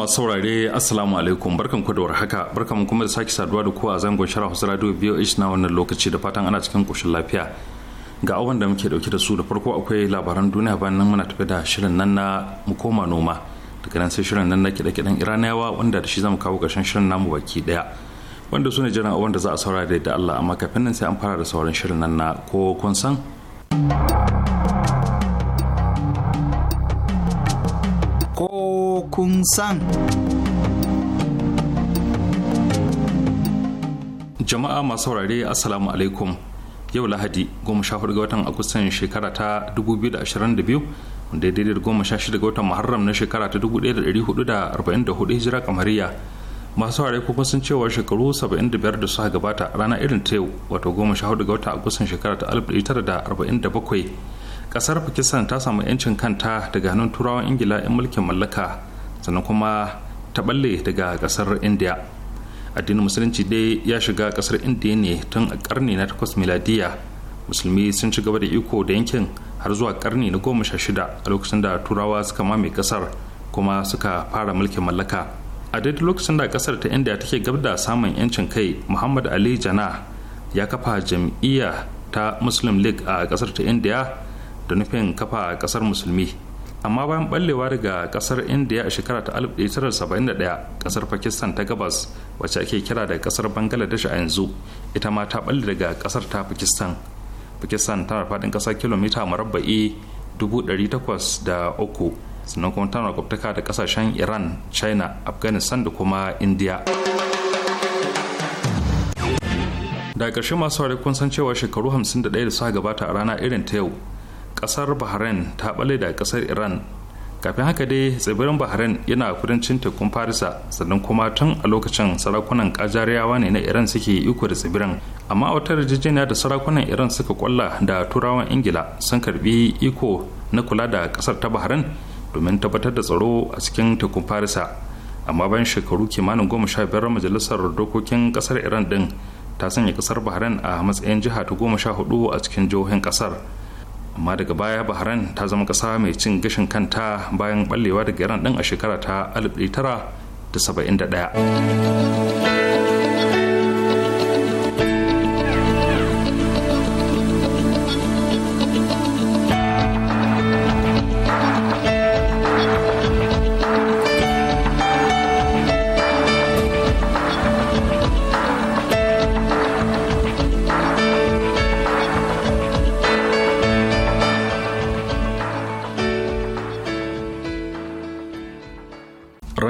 masu saurare assalamu alaikum barkan ku da warhaka barkan kuma da sake saduwa da ku a zangon shara Hausa Radio ish na wannan lokaci da fatan ana cikin koshin lafiya ga abin da muke dauke da su da farko akwai labaran duniya bayan nan muna tafi da shirin nan na mu koma noma daga nan sai shirin nan na kiɗe-kiɗen Iraniyawa wanda da shi zamu kawo ƙarshen shirin namu baki ɗaya wanda su ne jiran wanda za a saurare da Allah amma kafin nan sai an fara da sauran shirin nan na ko kun san ko kun san. Jama'a masu saurare Assalamu alaikum yau Lahadi goma sha hudu ga watan Agustan shekara ta 2022 wanda ya daidai da goma sha shida ga watan Muharram na shekara ta 1444 hijira kamariya masu saurare kuma sun cewa shekaru 75 da suka gabata rana irin ta yau wato goma sha hudu ga watan Agustan shekara ta 1947 kasar pakistan ta samu 'yancin kanta daga hannun turawan ingila 'yan mulkin mallaka sannan kuma ta balle daga kasar india addinin musulunci dai ya shiga kasar india ne tun a karni na 8 miladiya musulmi sun ci gaba da iko da yankin har zuwa karni na shida a lokacin da turawa suka mame kasar kuma suka fara mulkin mallaka a daidai lokacin da kasar ta india take gab da samun yancin kai muhammad ali jana ya kafa jam'iyya ta muslim league a kasar ta india da nufin kafa kasar musulmi amma bayan ballewa daga kasar india a shekara ta 1971 kasar pakistan ta gabas wacce ake kira da kasar bangladesh a yanzu ita ma ta balle daga kasar ta pakistan pakistan tana faɗin ƙasar kilomita marabba'i 803 sannan kuma tana kwaftaka da kasashen iran china afghanistan da kuma india da ƙarshe masu kun san cewa shekaru 51 da suka gabata a rana irin ta yau kasar bahrain ta bale da kasar iran kafin haka dai tsibirin bahrain yana kudancin tekun farisa sannan kuma tun a lokacin sarakunan kajariyawa ne na iran suke iko da tsibirin amma a wata yarjejeniya da sarakunan iran suka kwalla da turawan ingila sun karbi iko na kula da kasar ta bahrain domin tabbatar da tsaro a cikin tekun farisa amma bayan shekaru kimanin goma sha biyar majalisar dokokin kasar iran din ta sanya kasar bahrain a matsayin jiha ta goma sha hudu a cikin jihohin kasar amma daga baya bahrain ta zama kasa mai cin gashin kanta bayan ɓallewa daga iran ɗin a shekara ta 1971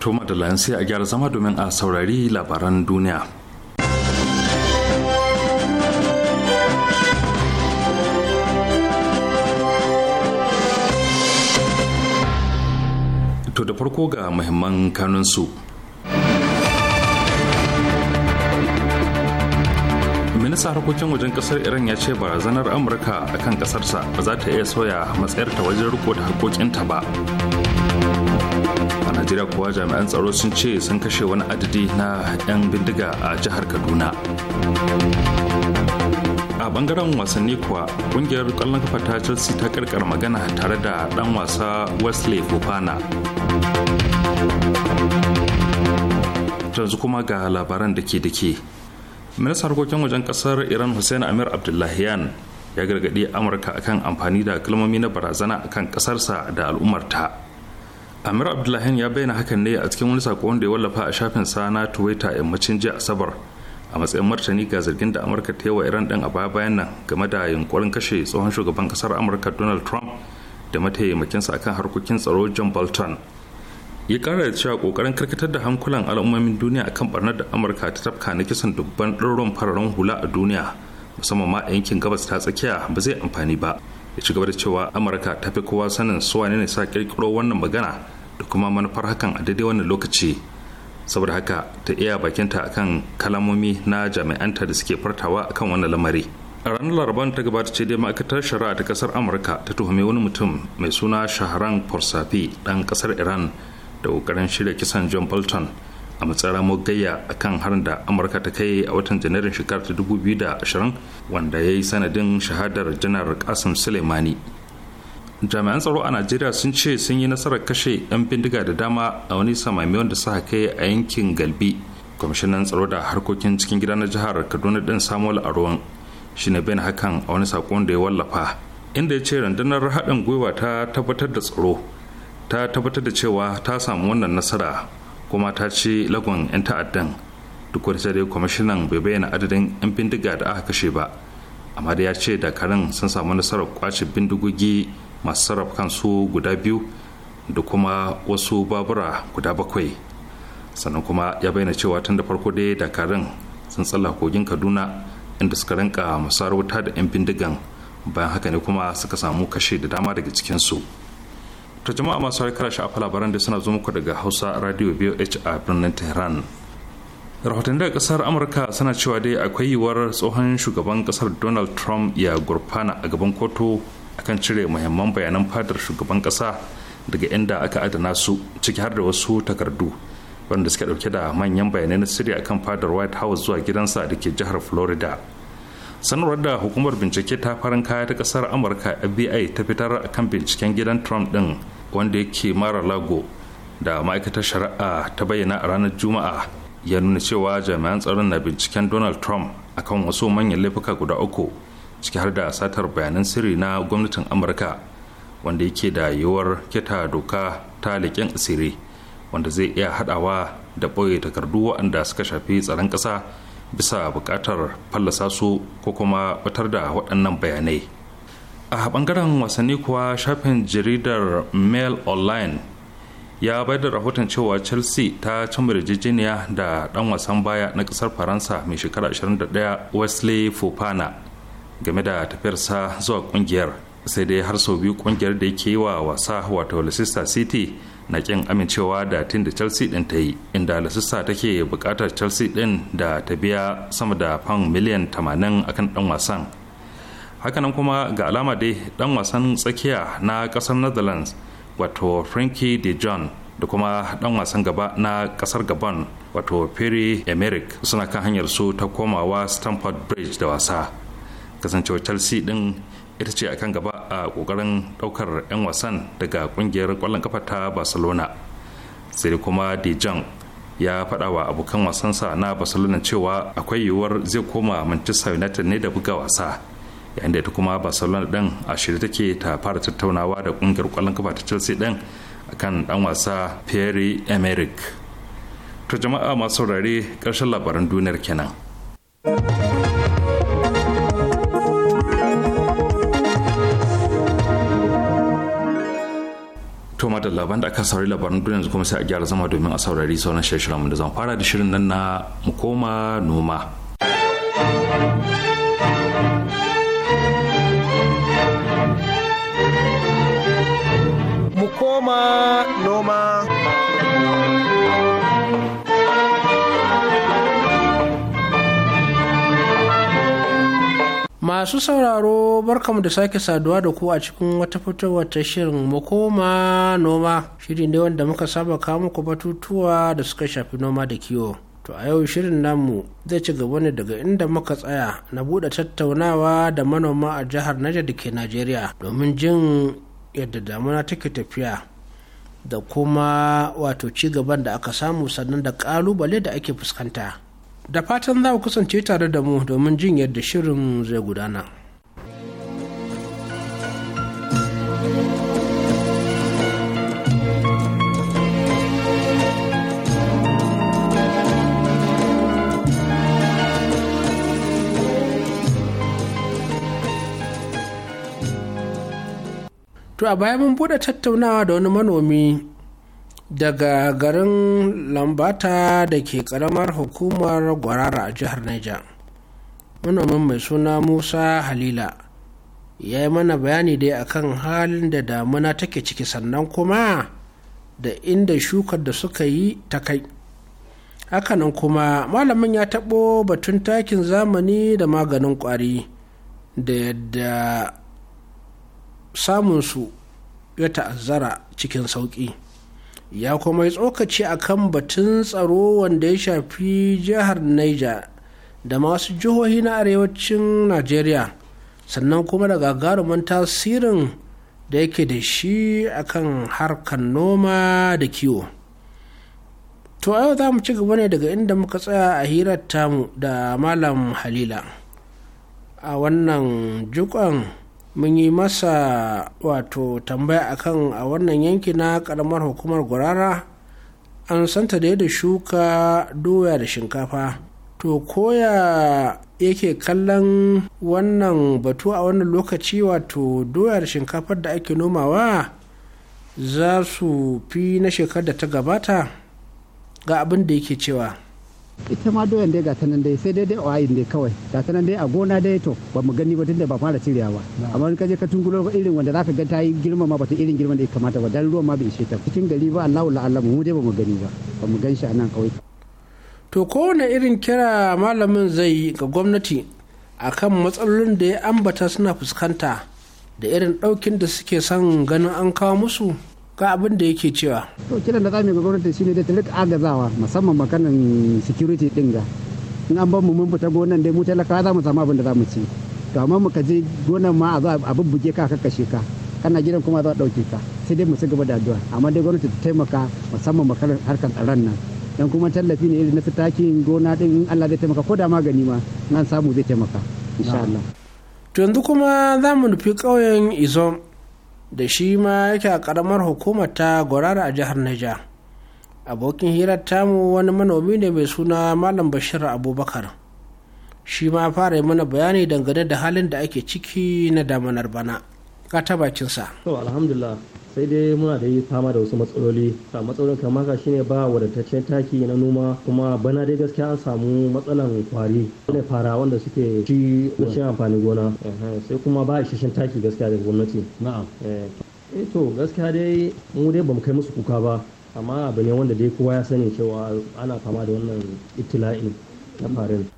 Toma da sai a gyara zama domin a saurari labaran duniya. To da farko ga muhimman kanunsu. Minista harkokin wajen kasar Iran ya ce barazanar Amurka akan kasarsa ba za ta iya soya matsayarta wajen riko da harkokinta ba. najeriya kuwa jami'an tsaro sun ce sun kashe wani adadi na 'yan bindiga a jihar kaduna a bangaren wasanni kuwa kungiyar kwallon kafa ta chelsea ta karkar magana tare da dan wasa wesley fofana yanzu kuma ga labaran da ke da ke harkokin wajen kasar iran hussein amir abdullahian ya gargaɗi amurka akan amfani da kalmomi na barazana kan ƙasarsa da al'ummarta amir abdullahi ya bayyana hakan ne a cikin wani sako wanda ya wallafa a shafin sa na a yammacin jiya asabar a matsayin martani ga zargin da amurka ta yi wa iran din a baya bayan nan game da yunkurin kashe tsohon shugaban kasar amurka donald trump da mataimakinsa akan harkokin tsaro john bolton ya kara da cewa kokarin karkatar da hankulan al'ummomin duniya akan barnar da amurka ta tafka na kisan dubban ɗaruran fararen hula a duniya musamman ma a yankin gabas ta tsakiya ba zai amfani ba ya ci gaba da cewa amurka ta fi kowa sanin suwane ne sa kirkiro wannan magana da kuma manufar hakan a daidai wannan lokaci saboda haka ta iya bakinta akan kalamomi na jami'anta da suke fartawa akan wannan lamari a ranar laraban ta gabata ce dai ma'aikatar shari'a ta kasar amurka ta tuhumi wani mutum mai suna shaharan forsafi dan kasar iran da kokarin shirya kisan john bolton a matsayin mogayya a kan harin da amurka ta kai a watan janairun shekarar ta 2020 wanda ya yi sanadin shahadar janar kasim suleimani jami'an tsaro a najeriya sun ce sun yi nasarar kashe 'yan bindiga da dama a wani samami wanda suka kai a yankin galbi kwamishinan tsaro da harkokin cikin gida na jihar kaduna din samuel aruwan shi na bin hakan a wani sakon da ya wallafa inda ya ce rundunar haɗin gwiwa ta tabbatar da tsaro ta tabbatar da cewa ta samu wannan nasara kuma ta ci lagon 'yan ta'addan duk wani dai kwamishinan bai bayyana adadin 'yan bindiga da aka kashe ba amma da ya ce dakarun sun samu nasarar kwace bindigogi masu sarrafa kansu guda biyu da kuma wasu babura guda bakwai sannan kuma ya bayyana cewa tun da farko dai dakarun sun tsalla kogin kaduna inda suka rinka musayar wuta da 'yan bindigan bayan haka ne kuma suka samu kashe da dama daga cikinsu ta jama'a masu harkar sha'afa labaran da suna zo muku daga hausa radio voh a birnin tehran rahoton daga kasar amurka suna cewa dai akwai yiwuwar tsohon shugaban kasar donald trump ya gurfana a gaban kotu akan cire muhimman bayanan fadar shugaban kasa daga inda aka adana su ciki har da wasu takardu wanda suka dauke da manyan bayanai na sirri akan fadar white house zuwa gidansa da ke jihar florida sanarwar da hukumar bincike ta farin kaya ta kasar amurka fbi ta fitar akan binciken gidan trump din wanda yake mara lago da ma'aikatar shari'a ta bayyana a ranar juma'a ya nuna cewa jami'an tsaron na binciken donald trump akan wasu manyan laifuka guda uku ciki har da satar bayanan sirri na gwamnatin amurka wanda yake da yiwuwar keta doka ta leƙen asiri wanda zai iya haɗawa da ɓoye takardu waɗanda suka shafi tsaron ƙasa bisa buƙatar fallasa su ko kuma batar da waɗannan bayanai a ɓangaren wasanni kuwa shafin jaridar mail online ya bayar da rahoton cewa chelsea ta cimma yarjejeniya da ɗan wasan baya na ƙasar faransa mai shekara 21 wesley fofana game da tafiyarsa zuwa kungiyar sai dai har sau biyu kungiyar da yake yi wa wasa wato leicester city na kin amincewa da tin da chelsea din ta yi inda leicester take bukatar chelsea din da ta biya sama da pound miliyan 80 akan dan wasan hakanan kuma ga alama dai dan wasan tsakiya na kasar netherlands wato frankie de john da kuma dan wasan gaba na kasar gabon wato perry emerick suna kan hanyar su ta komawa stamford bridge da wasa kasancewar chelsea din ita ce akan gaba a kokarin daukar 'yan wasan daga kungiyar kwallon kafa ta barcelona sai kuma dijon ya fada wa abokan wasansa na barcelona cewa akwai yiwuwar zai koma manchester united ne da buga wasa yayin da ita kuma barcelona din a shirye take ta fara tattaunawa da kungiyar kwallon kafa ta chelsea din akan dan wasa pierre emerick to jama'a masu saurare karshen labaran duniyar kenan. Toma da labaran da aka saurari labaran duniya yanzu kuma sai a gyara zama domin a saurari sauran shirye-shiryen da zan fara da shirin nan na mu koma noma Masu sauraro barkamu da sake saduwa da ku a cikin wata fitowar ta shirin makoma noma shiri ne wanda muka saba kawo muku batutuwa da suka shafi noma da kiwo. To a yau shirin namu zai ci gaba ne daga inda muka tsaya na buɗe tattaunawa da manoma a jihar Niger da ke Najeriya domin jin yadda damuna take tafiya da kuma wato ci gaban da aka samu sannan da ƙalubale da ake fuskanta. da fatan za ku kasance tare da mu domin jin yadda shirin zai gudana. To a baya mun buɗe tattaunawa da wani manomi daga garin lambata da ke karamar hukumar gwarara a jihar Naija, manomin mai suna musa halila ya yi mana bayani dai akan halin da damuna take ciki sannan kuma da inda shukar da suka yi ta kai hakanan kuma malamin ya taɓo batun takin zamani da maganin ƙwari da yadda samunsu ya ta'azzara cikin sauƙi. ya kuma yi tsokaci a kan batun tsaro wanda ya shafi jihar niger da masu jihohi na arewacin najeriya sannan kuma da gagarumin tasirin da yake da shi akan harkar noma da kiwo to yau za mu ci gaba ne daga inda muka tsaya a hirar tamu da malam halila a wannan jukon mun yi masa wato tambaya akan a wannan yanki na karamar hukumar gurara an santa da yadda shuka doya da shinkafa to koya yake kallon wannan batu a wannan lokaci wato doyar shinkafar da ake nomawa za su fi na shekar da ta gabata ga abin da yake cewa ita ma doyan dai gata nan dai sai dai dai oyin dai kawai gata nan dai a gona dai to ba mu gani ba tunda ba fara cirewa ba amma in ka je ka tungulo irin wanda zaka ga ta yi girma ma bata irin girman da ya kamata ba dan ruwan ma bai ishe ta cikin gari ba Allahu la'alla mu dai ba mu gani ba ba mu gan shi a nan kawai to kowane irin kira malamin zai yi ga gwamnati akan matsalolin da ya ambata suna fuskanta da irin ɗaukin da suke son ganin an kawo musu ga abin da yake cewa. To kiran da zamu ga gwamnati shine da ta agazawa musamman makanan security din ga. In an bar mu mun fita gonan dai mu talakawa za mu samu abin da za mu ci. To amma mu ka je gonan ma a za a bubbuge ka kakkashe ka. kana gidan kuma za a dauke ka sai dai mu ci gaba da addu'a amma dai gwamnati ta taimaka musamman makarar harkar tsaron nan dan kuma tallafi ne irin na su takin gona din Allah zai taimaka ko da magani ma nan samu zai taimaka insha Allah to yanzu kuma za mu nufi ƙauyen Izom da shi ma yake a karamar hukumar ta gwarara a jihar Niger. Abokin hirar tamu wani manomi ne mai suna Malam Bashir Abubakar. Shi ma fara yi mana bayani dangane da halin da ake ciki na damanar bana. Ka ta bakinsa. sai dai muna da yi fama da wasu matsaloli a matsalolin kamar ka shine ba wadataccen taki na noma kuma bana dai gaskiya an samu matsalan kwari wani fara wanda suke ci rashin amfanin gona sai kuma ba isasshen taki gaskiya daga gwamnati na'am eh. Eh to gaskiya dai mu dai bamu kai musu kuka ba amma abu ne wanda dai kowa ya sani cewa ana fama da wannan itila'in na farin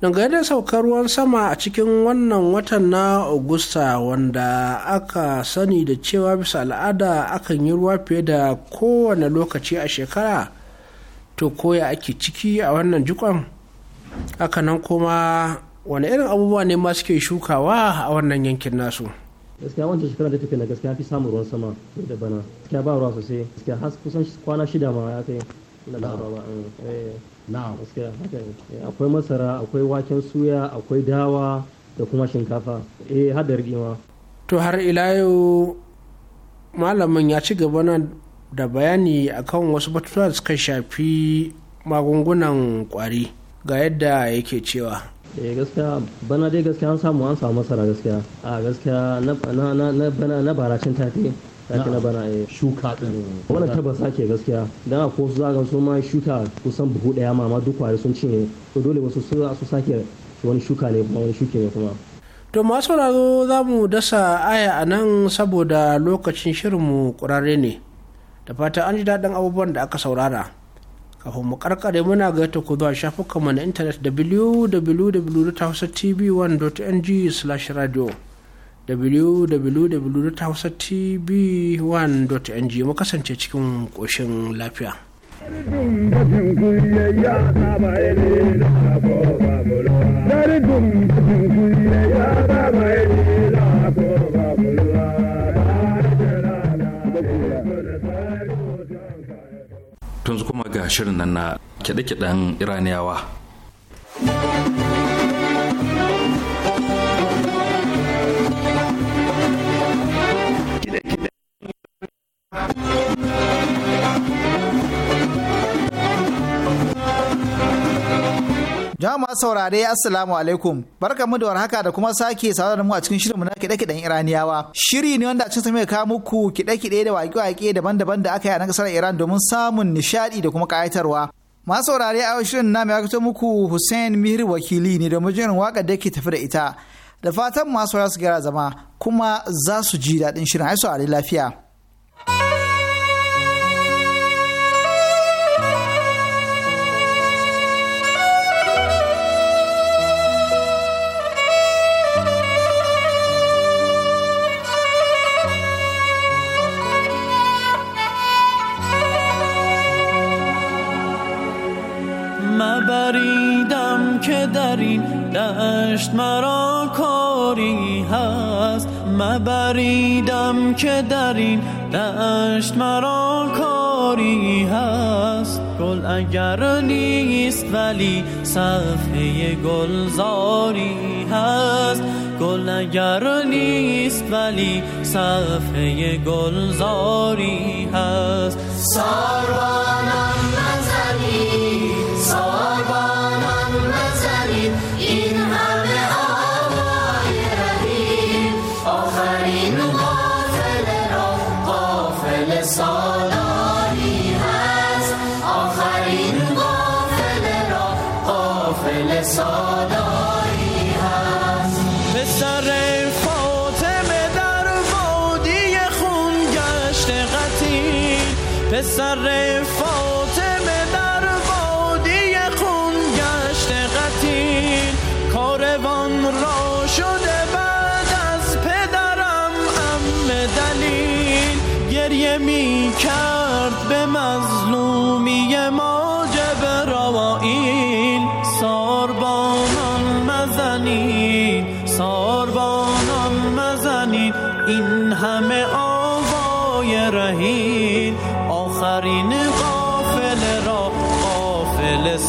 dangane da saukar ruwan sama a cikin wannan watan na augusta wanda aka sani da cewa bisa al'ada akan yi ruwa fiye da kowane lokaci a shekara to koya ake ciki a wannan jikon hakanan kuma wani irin abubuwa ne ma suke shukawa a wannan yankin nasu gaskiya wancan shekara da tafiya na gaskiya fi samun ruwan sama da bana gaskiya ba ruwa sosai gaskiya har kusan kwana shida ma ya kai Eh, eh. Eh, akwai masara akwai waken suya akwai dawa da kuma shinkafa eh har da to har ila yau malamin ya ci gaba na da bayani akan wasu batutuwa da suka shafi magungunan kwari ga yadda yake cewa eh gaskiya bana dai gaskiya an samu an samu masara gaskiya a gaskiya na na na na baracin tafi taki na bana eh shuka din wannan tabbas ke gaskiya dan akwai su zaka su ma shuka kusan buhu daya ma duk kwari sun cinye to dole wasu su su sake wani shuka ne kuma wani shuke ne kuma to masu sauraro za mu dasa aya a nan saboda lokacin shirinmu kurare ne da fata an ji daɗin abubuwan da aka saurara kafin mu karkare muna ga ta ku zuwa shafukanmu na intanet www.hausatv1.ng/radio www.hausatv1.ng mu kasance cikin ƙoshin lafiya. Tunzu kuma ga shirin nan na kyaɗe-kyaɗen Iraniyawa. masu saurare assalamu alaikum barka mu da warhaka da kuma sake saurare da mu a cikin mu na kiɗe-kiɗen iraniyawa shiri ne wanda a cikin mai kawo muku kiɗe-kiɗe da waƙe-waƙe daban-daban da aka yi a nan ƙasar iran domin samun nishaɗi da kuma kayatarwa masu saurare a shirin na mai kawo muku hussein mihir wakili ne domin jin waƙar da ke tafi da ita da fatan masu su gyara zama kuma za su ji daɗin shirin ai saurare lafiya. گشت مرا کاری هست مبریدم که در این دشت مرا کاری هست گل اگر نیست ولی صفحه گلزاری هست گل اگر نیست ولی صفحه گلزاری هست پسر فاطمه در وادی خون گشت قتیل کاروان را شده بعد از پدرم ام دلیل گریه می کرد به من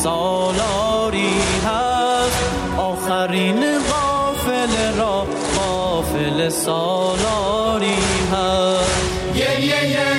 سالاری هست آخرین قافل را قافل سالاری هست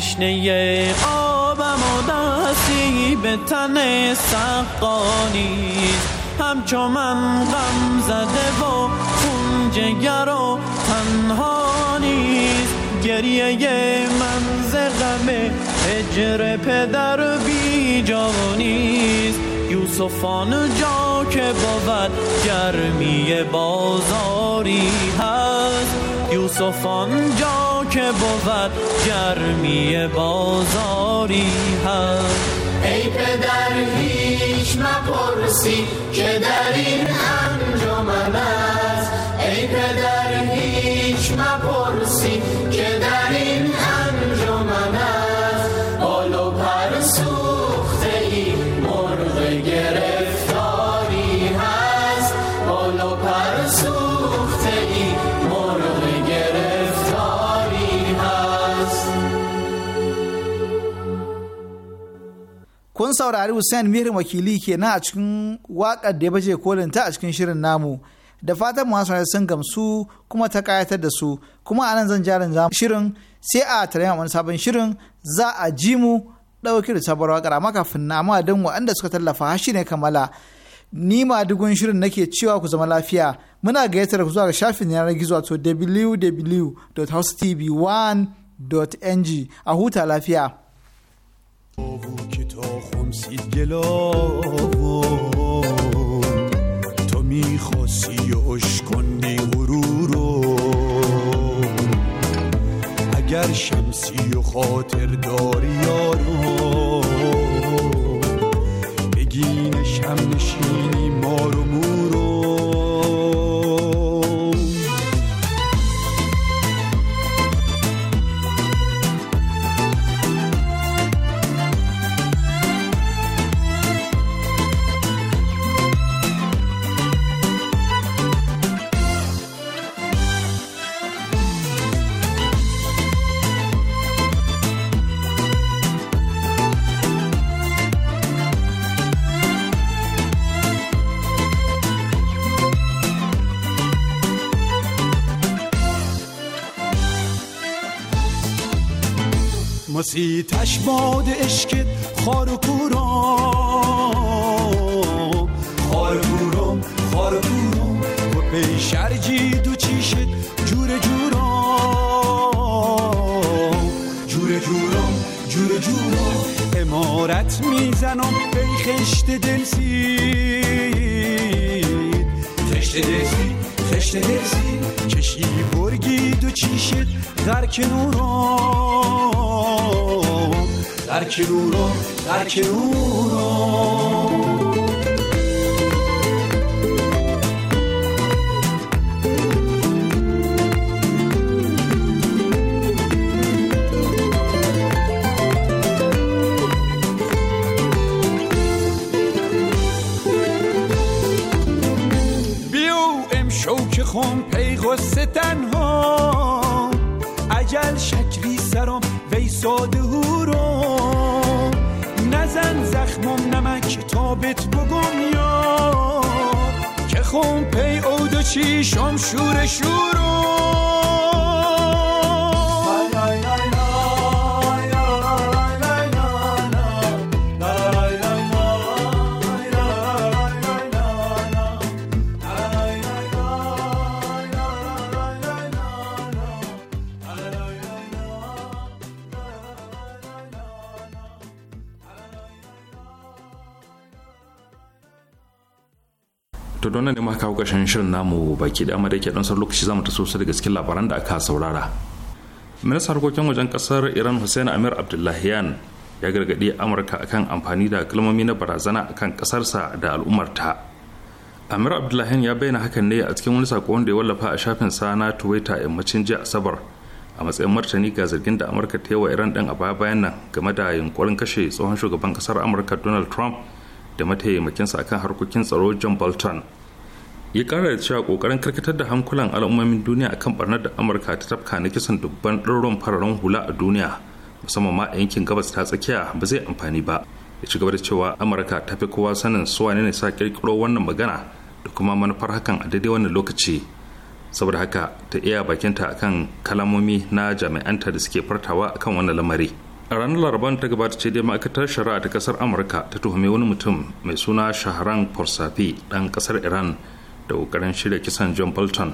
تشنه آبم و دستی به تن سقانی همچو من غم زده و خون جگر و تنها نیست گریه من ز غم هجر پدر بی نیست یوسفان جا که بود گرمی بازاری هست یوسفان جا که بود گرمی بازاری هست ای پدر هیچ مپرسی که در این انجمن است ای پدر هیچ مپرسی که در این kun saurari Hussein Mihir wakili kenan a cikin waƙar da ya baje kolin ta a cikin shirin namu da fatan masu sun gamsu kuma ta kayatar da su kuma anan zan jarin shirin sai a tarayyar wani sabon shirin za a ji mu ɗauki da sabuwar waƙar amma kafin na amma don waɗanda suka tallafa hashi ne kamala ni ma dugun shirin nake cewa ku zama lafiya muna gayyatar ku zuwa ga shafin yanar gizo wato www.housetv1.ng a huta lafiya. رسید گلاوم تو میخواستی و اشکندی غرورو اگر شمسی و خاطر داری یارو بگین نشین تش باد عشقت خار و کورم خار و کورم خار و کورم و پیشر خب دو و چیشت جور جورم جور جورم جور جورم امارت میزنم به خشت دلسی خشت دلسی خشت سی چشی برگی و چیشت غرک نورم در کنور در کنور خون پی اود و چی شم شور wannan ne maka kashin shirin namu baki da da ke dansar lokaci zamu ta sosai daga cikin labaran da aka saurara ministan harkokin wajen kasar iran hussein amir yan ya gargaɗi amurka akan amfani da kalmomi na barazana akan kasarsa da al'ummarta amir abdullahian ya bayyana hakan ne a cikin wani sako wanda ya wallafa a shafin sa na twitter yammacin jiya asabar a matsayin martani ga zargin da amurka ta yi wa iran din a baya bayan nan game da yunkurin kashe tsohon shugaban kasar amurka donald trump da mataimakinsa akan harkokin tsaro john bolton ya kara da cewa kokarin karkatar da hankulan al'ummomin duniya akan barnar da amurka ta tafka na kisan dubban ɗaruruwan fararen hula a duniya musamman ma a yankin gabas ta tsakiya ba zai amfani ba ya ci gaba da cewa amurka ta fi kowa sanin suwa ne sa kirkiro wannan magana da kuma manufar hakan a daidai wannan lokaci saboda haka ta iya bakinta akan kalamomi na jami'anta da suke fartawa akan wannan lamari a ranar laraban ta gabata ce dai ma'aikatar shari'a ta kasar amurka ta tuhumi wani mutum mai suna shaharan porsafi dan kasar iran da kokarin shirya kisan john bolton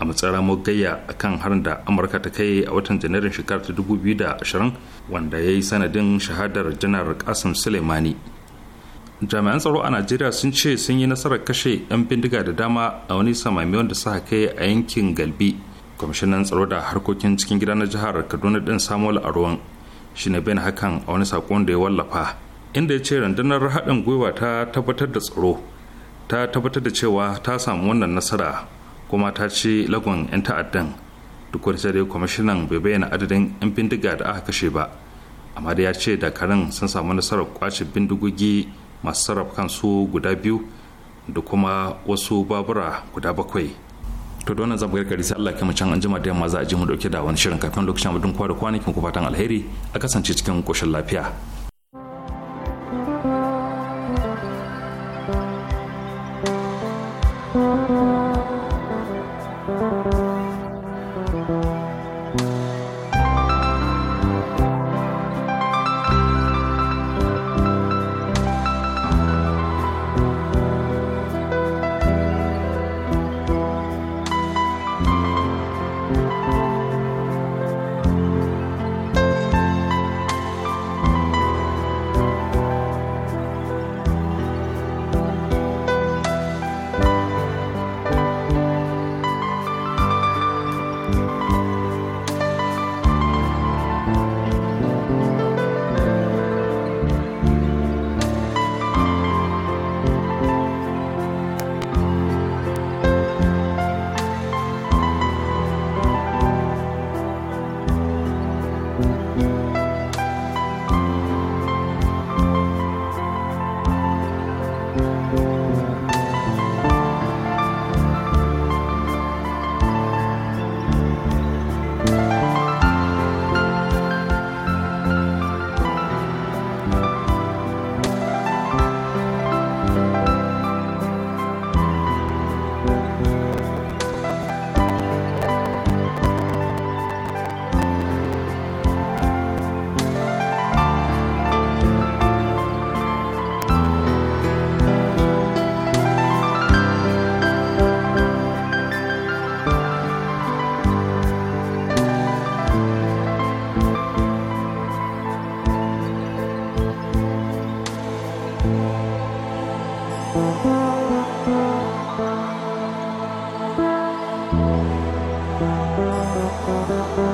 a matsayin gayya a kan harin da amurka ta kai a watan janairun shekarar ta 2020 wanda ya yi sanadin shahadar janar kasim suleimani jami'an tsaro a najeriya sun ce sun yi nasarar kashe 'yan bindiga da dama a wani samami wanda suka kai a yankin galbi kwamishinan tsaro da harkokin cikin gida na jihar kaduna din samuel ruwan shi ne bin hakan a wani sakon da ya wallafa inda ya ce rundunar haɗin gwiwa ta tabbatar da tsaro ta tabbatar da cewa ta samu wannan nasara kuma ta ci lagon 'yan ta'addan duk wani dai kwamishinan bai bayyana adadin 'yan bindiga da aka kashe ba amma da ya ce dakarun sun samu nasarar kwace bindigogi masu sarrafa kansu guda biyu da kuma wasu babura guda bakwai to don zamu gargari sai Allah kai mu can an jima da yamma za a ji mu dauke da wani shirin kafin lokacin dun kwa da kwanakin ku fatan alheri a kasance cikin koshin lafiya Thank you.